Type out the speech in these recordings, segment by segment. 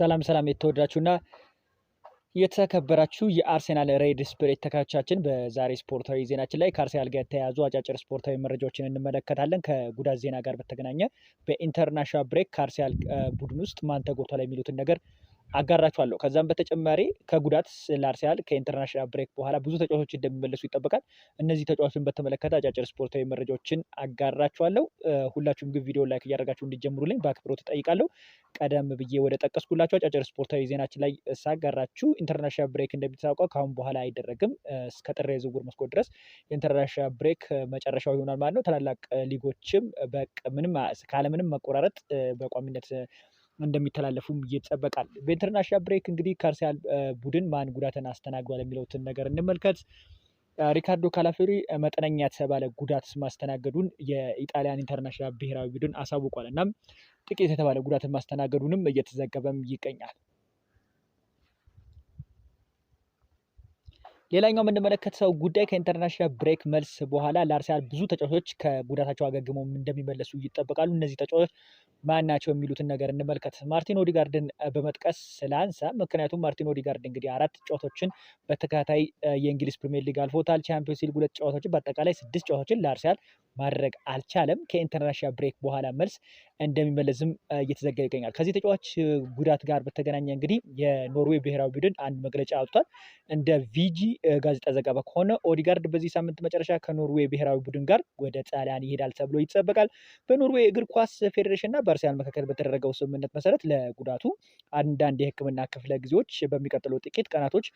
ሰላም ሰላም የተወደዳችሁና የተከበራችሁ የአርሴናል ሬድ ስፕሬት ተከታዮቻችን በዛሬ ስፖርታዊ ዜናችን ላይ ከአርሴናል ጋር የተያያዙ አጫጭር ስፖርታዊ መረጃዎችን እንመለከታለን። ከጉዳት ዜና ጋር በተገናኘ በኢንተርናሽናል ብሬክ ከአርሴናል ቡድን ውስጥ ማን ተጎድቷል የሚሉትን ነገር አጋራችኋለሁ። ከዛም በተጨማሪ ከጉዳት ስለ ከኢንተርናሽናል ብሬክ በኋላ ብዙ ተጫዋቾች እንደሚመለሱ ይጠበቃል። እነዚህ ተጫዋቾችን በተመለከተ አጫጭር ስፖርታዊ መረጃዎችን አጋራችኋለሁ። ሁላችሁም ግን ቪዲዮ ላይክ እያደረጋችሁ እንዲጀምሩልኝ በአክብሮት እጠይቃለሁ። ቀደም ብዬ ወደ ጠቀስኩላችሁ አጫጭር ስፖርታዊ ዜናችን ላይ ሳጋራችሁ ኢንተርናሽናል ብሬክ እንደሚታወቀው ከአሁን በኋላ አይደረግም። እስከ ጥር የዝውውር መስኮት ድረስ የኢንተርናሽናል ብሬክ መጨረሻው ይሆናል ማለት ነው። ታላላቅ ሊጎችም ምንም ካለምንም መቆራረጥ በቋሚነት እንደሚተላለፉም ይጠበቃል። በኢንተርናሽናል ብሬክ እንግዲህ ከአርሰናል ቡድን ማን ጉዳትን አስተናግዷል የሚለውትን ነገር እንመልከት። ሪካርዶ ካላፊዮሪ መጠነኛ የተባለ ጉዳት ማስተናገዱን የኢጣሊያን ኢንተርናሽናል ብሔራዊ ቡድን አሳውቋል። እናም ጥቂት የተባለ ጉዳትን ማስተናገዱንም እየተዘገበም ይገኛል። ሌላኛው የምንመለከተው ጉዳይ ከኢንተርናሽናል ብሬክ መልስ በኋላ ለአርሰናል ብዙ ተጫዋቾች ከጉዳታቸው አገግሞ እንደሚመለሱ ይጠበቃሉ። እነዚህ ተጫዋቾች ማን ናቸው የሚሉትን ነገር እንመልከት። ማርቲን ኦዲጋርድን በመጥቀስ ስለአንሳ፣ ምክንያቱም ማርቲን ኦዲጋርድ እንግዲህ አራት ጨዋታዎችን በተከታታይ የእንግሊዝ ፕሪሚየር ሊግ አልፎታል። ቻምፒዮንስ ሊግ ሁለት ጨዋታዎችን፣ በአጠቃላይ ስድስት ጨዋታዎችን ለአርሰናል ማድረግ አልቻለም። ከኢንተርናሽናል ብሬክ በኋላ መልስ እንደሚመለስም እየተዘገበ ይገኛል። ከዚህ ተጫዋች ጉዳት ጋር በተገናኘ እንግዲህ የኖርዌይ ብሔራዊ ቡድን አንድ መግለጫ አውጥቷል። እንደ ቪጂ ጋዜጣ ዘገባ ከሆነ ኦዲጋርድ በዚህ ሳምንት መጨረሻ ከኖርዌይ ብሔራዊ ቡድን ጋር ወደ ጣሊያን ይሄዳል ተብሎ ይጠበቃል። በኖርዌይ እግር ኳስ ፌዴሬሽን እና በአርሰናል መካከል በተደረገው ስምምነት መሰረት ለጉዳቱ አንዳንድ የሕክምና ክፍለ ጊዜዎች በሚቀጥለው ጥቂት ቀናቶች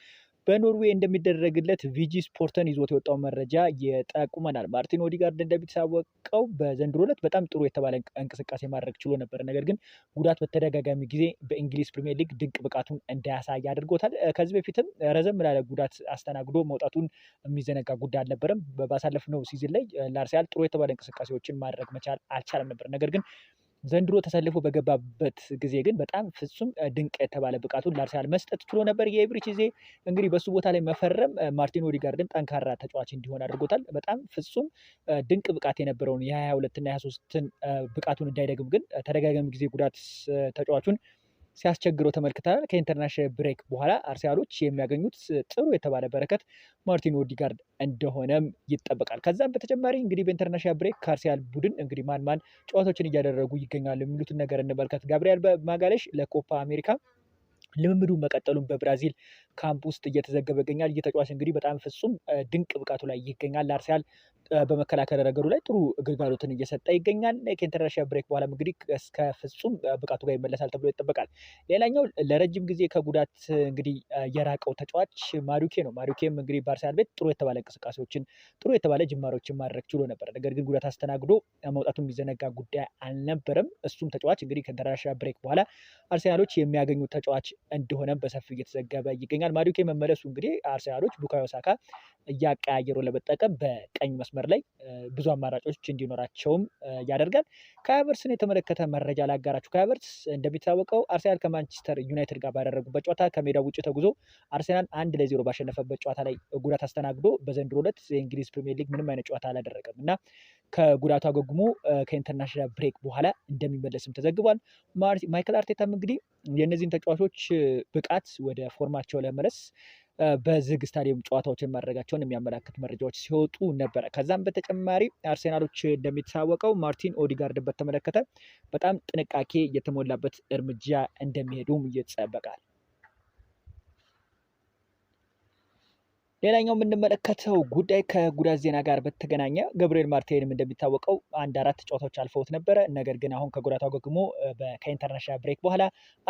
በኖርዌይ እንደሚደረግለት ቪጂ ስፖርትን ይዞት የወጣው መረጃ ይጠቁመናል። ማርቲን ኦዲጋርድ እንደሚታወቀው በዘንድሮ ዕለት በጣም ጥሩ የተባለ እንቅስቃሴ ማድረግ ችሎ ነበር። ነገር ግን ጉዳት በተደጋጋሚ ጊዜ በእንግሊዝ ፕሪሚየር ሊግ ድንቅ ብቃቱን እንዳያሳይ አድርጎታል። ከዚህ በፊትም ረዘም ላለ ጉዳት አስተናግዶ መውጣቱን የሚዘነጋ ጉዳይ አልነበረም። ባሳለፍነው ሲዝን ላይ ላርሲያል ጥሩ የተባለ እንቅስቃሴዎችን ማድረግ መቻል አልቻለም ነበር ነገር ግን ዘንድሮ ተሰልፎ በገባበት ጊዜ ግን በጣም ፍጹም ድንቅ የተባለ ብቃቱን ለአርሰናል መስጠት ችሎ ነበር። የኤብሪች ጊዜ እንግዲህ በሱ ቦታ ላይ መፈረም ማርቲን ኦዲጋርድን ጠንካራ ተጫዋች እንዲሆን አድርጎታል። በጣም ፍጹም ድንቅ ብቃት የነበረውን የ22 ና 23ን ብቃቱን እንዳይደግም ግን ተደጋጋሚ ጊዜ ጉዳት ተጫዋቹን ሲያስቸግረው ተመልክተናል። ከኢንተርናሽናል ብሬክ በኋላ አርሰናሎች የሚያገኙት ጥሩ የተባለ በረከት ማርቲን ኦዲጋርድ እንደሆነም ይጠበቃል። ከዛም በተጨማሪ እንግዲህ በኢንተርናሽናል ብሬክ ከአርሰናል ቡድን እንግዲህ ማን ማን ጨዋታዎችን እያደረጉ ይገኛሉ የሚሉትን ነገር እንመልከት። ጋብሪያል ማጋለሽ ለኮፓ አሜሪካ ልምምዱ መቀጠሉን በብራዚል ካምፕ ውስጥ እየተዘገበ ይገኛል። እየተጫዋች እንግዲህ በጣም ፍጹም ድንቅ ብቃቱ ላይ ይገኛል። ለአርሰናል በመከላከል ረገዱ ላይ ጥሩ ግልጋሎትን እየሰጠ ይገኛል። ከኢንተርናሽናል ብሬክ በኋላም እንግዲህ እስከ ፍጹም ብቃቱ ጋር ይመለሳል ተብሎ ይጠበቃል። ሌላኛው ለረጅም ጊዜ ከጉዳት እንግዲህ የራቀው ተጫዋች ማሪኬ ነው። ማዱኬም እንግዲህ በአርሰናል ቤት ጥሩ የተባለ እንቅስቃሴዎችን ጥሩ የተባለ ጅማሬዎችን ማድረግ ችሎ ነበር። ነገር ግን ጉዳት አስተናግዶ መውጣቱ የሚዘነጋ ጉዳይ አልነበረም። እሱም ተጫዋች እንግዲህ ከኢንተርናሽናል ብሬክ በኋላ አርሰናሎች የሚያገኙ ተጫዋች እንደሆነም በሰፊው እየተዘገበ ይገኛል። ማሪኬ መመለሱ እንግዲህ አርሰናሎች ቡካዮ ሳካ እያቀያየሩ ለመጠቀም በቀኝ መስመር መስመር ላይ ብዙ አማራጮች እንዲኖራቸውም ያደርጋል። ከሀቨርትስን የተመለከተ መረጃ ላጋራችሁ። ከሀቨርትስ እንደሚታወቀው አርሴናል ከማንቸስተር ዩናይትድ ጋር ባደረጉበት ጨዋታ ከሜዳ ውጭ ተጉዞ አርሴናል አንድ ለዜሮ ባሸነፈበት ጨዋታ ላይ ጉዳት አስተናግዶ በዘንድሮ ዕለት የእንግሊዝ ፕሪሚየር ሊግ ምንም አይነት ጨዋታ አላደረገም እና ከጉዳቱ አገግሞ ከኢንተርናሽናል ብሬክ በኋላ እንደሚመለስም ተዘግቧል። ማይክል አርቴታም እንግዲህ የእነዚህን ተጫዋቾች ብቃት ወደ ፎርማቸው ለመመለስ በዝግ ስታዲየም ጨዋታዎችን ማድረጋቸውን የሚያመላክት መረጃዎች ሲወጡ ነበረ። ከዛም በተጨማሪ አርሴናሎች እንደሚታወቀው ማርቲን ኦዲጋርድን በተመለከተ በጣም ጥንቃቄ የተሞላበት እርምጃ እንደሚሄዱም ይጠበቃል። ሌላኛው የምንመለከተው ጉዳይ ከጉዳት ዜና ጋር በተገናኘ ገብርኤል ማርቴንም እንደሚታወቀው አንድ አራት ጨዋታዎች አልፈውት ነበረ። ነገር ግን አሁን ከጉዳት አገግሞ ከኢንተርናሽናል ብሬክ በኋላ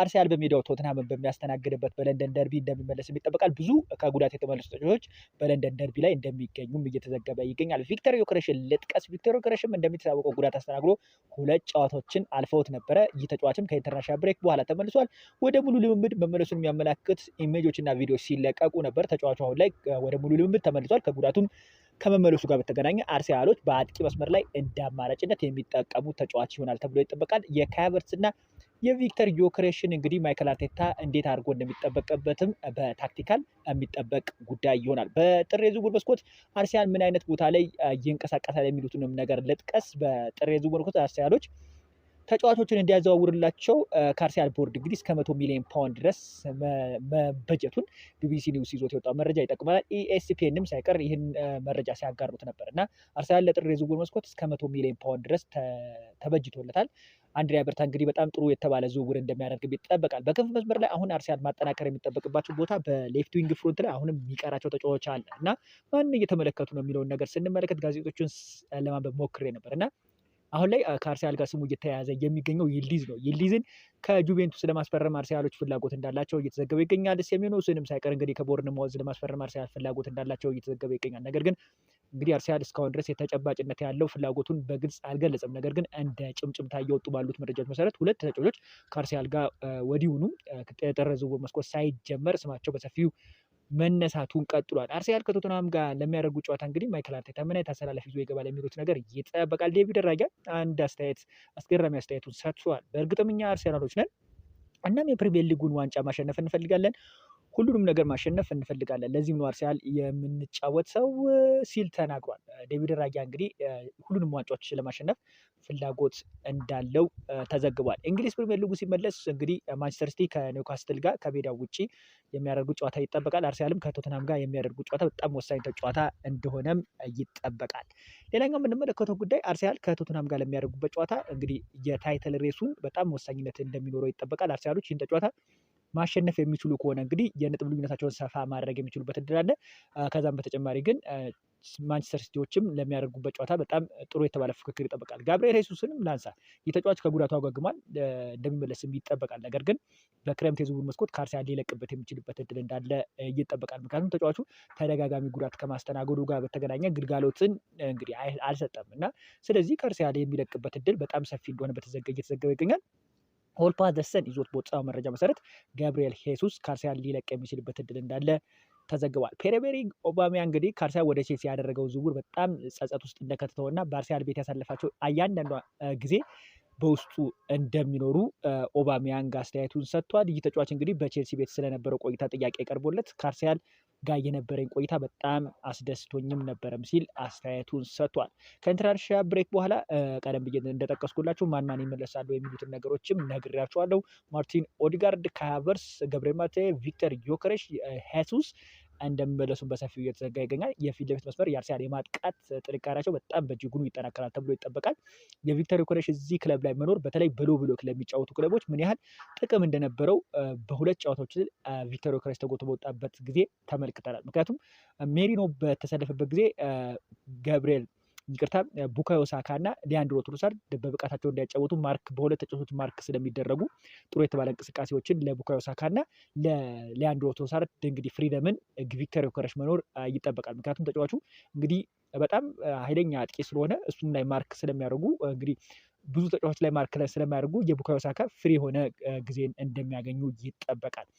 አርሰናል በሜዳው ቶትናምን በሚያስተናግድበት በለንደን ደርቢ እንደሚመለስም ይጠበቃል። ብዙ ከጉዳት የተመለሱ ተጫዋቾች በለንደን ደርቢ ላይ እንደሚገኙም እየተዘገበ ይገኛል። ቪክተር ዮክሬሽን ልጥቀስ። ቪክተር ዮክረሽም እንደሚታወቀው ጉዳት አስተናግዶ ሁለት ጨዋታዎችን አልፈውት ነበረ። ይህ ተጫዋችም ከኢንተርናሽናል ብሬክ በኋላ ተመልሷል። ወደ ሙሉ ልምምድ መመለሱን የሚያመላክት ኢሜጆች እና ቪዲዮ ሲለቀቁ ነበር። ተጫዋቹ አሁን ላይ ወደ ሙሉ ልምምድ ተመልሷል። ከጉዳቱም ከመመለሱ ጋር በተገናኘ አርሴናሎች በአጥቂ መስመር ላይ እንደ አማራጭነት የሚጠቀሙ ተጫዋች ይሆናል ተብሎ ይጠበቃል። የካቨርትስ እና የቪክተር ዮክሬሽን እንግዲህ ማይክል አርቴታ እንዴት አድርጎ እንደሚጠበቅበትም በታክቲካል የሚጠበቅ ጉዳይ ይሆናል። በጥር የዝውውር መስኮት አርሴናል ምን አይነት ቦታ ላይ ይንቀሳቀሳል የሚሉትንም ነገር ልጥቀስ። በጥር የዝውውር መስኮት አርሴናሎች ተጫዋቾችን እንዲያዘዋውርላቸው ከአርሰናል ቦርድ እንግዲህ እስከ መቶ ሚሊዮን ፓውንድ ድረስ መበጀቱን ቢቢሲ ኒውስ ይዞት የወጣው መረጃ ይጠቅመናል። ኢኤስፒንም ሳይቀር ይህን መረጃ ሲያጋሩት ነበር እና አርሰናል ለጥር የዝውውር መስኮት እስከ መቶ ሚሊዮን ፓውንድ ድረስ ተበጅቶለታል። አንድሪያ በርታ እንግዲህ በጣም ጥሩ የተባለ ዝውውር እንደሚያደርግ ይጠበቃል። በክንፍ መስመር ላይ አሁን አርሰናል ማጠናከር የሚጠበቅባቸው ቦታ በሌፍት ዊንግ ፍሮንት ላይ አሁንም የሚቀራቸው ተጫዋች አለ እና ማን እየተመለከቱ ነው የሚለውን ነገር ስንመለከት ጋዜጦችን ለማንበብ ሞክሬ ነበር እና አሁን ላይ ከአርሰናል ጋር ስሙ እየተያያዘ የሚገኘው ይልዲዝ ነው። ይልዲዝን ከጁቬንቱስ ለማስፈረም አርሰናሎች ፍላጎት እንዳላቸው እየተዘገበ ይገኛል። ደስ የሚሆነው እሱንም ሳይቀር እንግዲህ ከቦርንማውዝ ለማስፈረም አርሰናል ፍላጎት እንዳላቸው እየተዘገበ ይገኛል። ነገር ግን እንግዲህ አርሰናል እስካሁን ድረስ የተጨባጭነት ያለው ፍላጎቱን በግልጽ አልገለጸም። ነገር ግን እንደ ጭምጭምታ እየወጡ ባሉት መረጃዎች መሰረት ሁለት ተጫዋቾች ከአርሰናል ጋር ወዲሁኑ የጥር ዝውውር መስኮት ሳይጀመር ስማቸው በሰፊው መነሳቱን ቀጥሏል። አርሰናል ከቶተናም ጋር ለሚያደርጉ ጨዋታ እንግዲህ ማይክል አርቴታ ምን አይነት አሰላለፍ ይዞ ይገባል የሚሉት ነገር ይጠበቃል። ዴቪድ ደራጊያ አንድ አስተያየት አስገራሚ አስተያየቱን ሰጥቷል። በእርግጥም እኛ አርሰናሎች ነን እናም የፕሪሚየር ሊጉን ዋንጫ ማሸነፍ እንፈልጋለን ሁሉንም ነገር ማሸነፍ እንፈልጋለን። ለዚህም ነው አርሰናል የምንጫወት ሰው ሲል ተናግሯል። ዴቪድ ራያ እንግዲህ ሁሉንም ዋንጫዎች ለማሸነፍ ፍላጎት እንዳለው ተዘግቧል። እንግሊዝ ፕሪሚየር ሊጉ ሲመለስ እንግዲህ ማንቸስተር ሲቲ ከኒውካስትል ጋር ከሜዳው ውጭ የሚያደርጉ ጨዋታ ይጠበቃል። አርሰናልም ከቶትናም ጋር የሚያደርጉ ጨዋታ በጣም ወሳኝ ጨዋታ እንደሆነም ይጠበቃል። ሌላኛው የምንመለከተው ጉዳይ አርሰናል ከቶትናም ጋር ለሚያደርጉበት ጨዋታ እንግዲህ የታይትል ሬሱን በጣም ወሳኝነት እንደሚኖረው ይጠበቃል። አርሰናሎች ይህን ጨዋታ ማሸነፍ የሚችሉ ከሆነ እንግዲህ የነጥብ ልዩነታቸውን ሰፋ ማድረግ የሚችሉበት እድል አለ። ከዛም በተጨማሪ ግን ማንቸስተር ሲቲዎችም ለሚያደርጉበት ጨዋታ በጣም ጥሩ የተባለ ፉክክር ይጠበቃል። ጋብርኤል ሄሱስንም ላንሳ። የተጫዋች ከጉዳቱ አገግሟል፣ እንደሚመለስም ይጠበቃል። ነገር ግን በክረምት የዝውውር መስኮት ከአርሰናል ሊለቅበት የሚችልበት እድል እንዳለ ይጠበቃል። ምክንያቱም ተጫዋቹ ተደጋጋሚ ጉዳት ከማስተናገዱ ጋር በተገናኘ ግልጋሎትን እንግዲህ አልሰጠም እና ስለዚህ ከአርሰናል የሚለቅበት እድል በጣም ሰፊ እንደሆነ በተዘገ እየተዘገበ ይገኛል። ኦልፓ ደሰን ይዞት በወጣው መረጃ መሰረት ገብርኤል ሄሱስ ካርሲያን ሊለቅ የሚችልበት እድል እንዳለ ተዘግቧል። ፔሬቤሪ ኦባሚያ እንግዲህ ካርሲያ ወደ ቼልሲ ያደረገው ዝውውር በጣም ጸጸት ውስጥ እንደከተተው እና በአርሰናል ቤት ያሳለፋቸው እያንዳንዷ ጊዜ በውስጡ እንደሚኖሩ ኦባሚያንግ አስተያየቱን ሰጥቷል። ይህ ተጫዋች እንግዲህ በቼልሲ ቤት ስለነበረው ቆይታ ጥያቄ ቀርቦለት ካርሲያል ጋር የነበረኝ ቆይታ በጣም አስደስቶኝም ነበረም ሲል አስተያየቱን ሰጥቷል። ከኢንተርናሽናል ብሬክ በኋላ ቀደም ብዬ እንደጠቀስኩላችሁ ማን ማን ይመለሳሉ የሚሉትን ነገሮችም ነግሬያችኋለሁ። ማርቲን ኦዲጋርድ፣ ካቨርስ፣ ገብሬ ቪክተር ዮከሬሽ፣ ሄሱስ እንደሚመለሱ በሰፊው እየተዘጋ ይገኛል። የፊት ለፊት መስመር የአርሰናል የማጥቃት ጥንካሬያቸው በጣም በእጅጉኑ ይጠናከራል ተብሎ ይጠበቃል። የቪክተር ኮሬሽ እዚህ ክለብ ላይ መኖር በተለይ ብሎ ብሎ ለሚጫወቱ ክለቦች ምን ያህል ጥቅም እንደነበረው በሁለት ጨዋታዎች ቪክተር ኮሬሽ ተጎቶ በወጣበት ጊዜ ተመልክተናል። ምክንያቱም ሜሪኖ በተሰለፈበት ጊዜ ገብርኤል ይቅርታ ቡካዮ ሳካ እና ሊያንድሮ ትሩሳርድ በብቃታቸው እንዳይጫወቱ ማርክ በሁለት ተጫዋቾች ማርክ ስለሚደረጉ ጥሩ የተባለ እንቅስቃሴዎችን ለቡካዮ ሳካ እና ለሊያንድሮ ትሩሳርድ እንግዲህ ፍሪደምን ቪክተር ዮከረስ መኖር ይጠበቃል። ምክንያቱም ተጫዋቹ እንግዲህ በጣም ኃይለኛ አጥቂ ስለሆነ እሱም ላይ ማርክ ስለሚያደርጉ እንግዲህ ብዙ ተጫዋች ላይ ማርክ ላይ ስለሚያደርጉ የቡካዮ ሳካ ፍሪ የሆነ ጊዜን እንደሚያገኙ ይጠበቃል።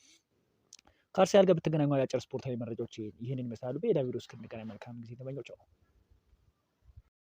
ከአርሰናል ጋር ብትገናኙ አጫጭር ስፖርታዊ መረጃዎች ይህንን ይመስላሉ። በሌላ ቪዲዮ እስክንገናኝ መልካም ጊዜ ተመኘው። ቻው።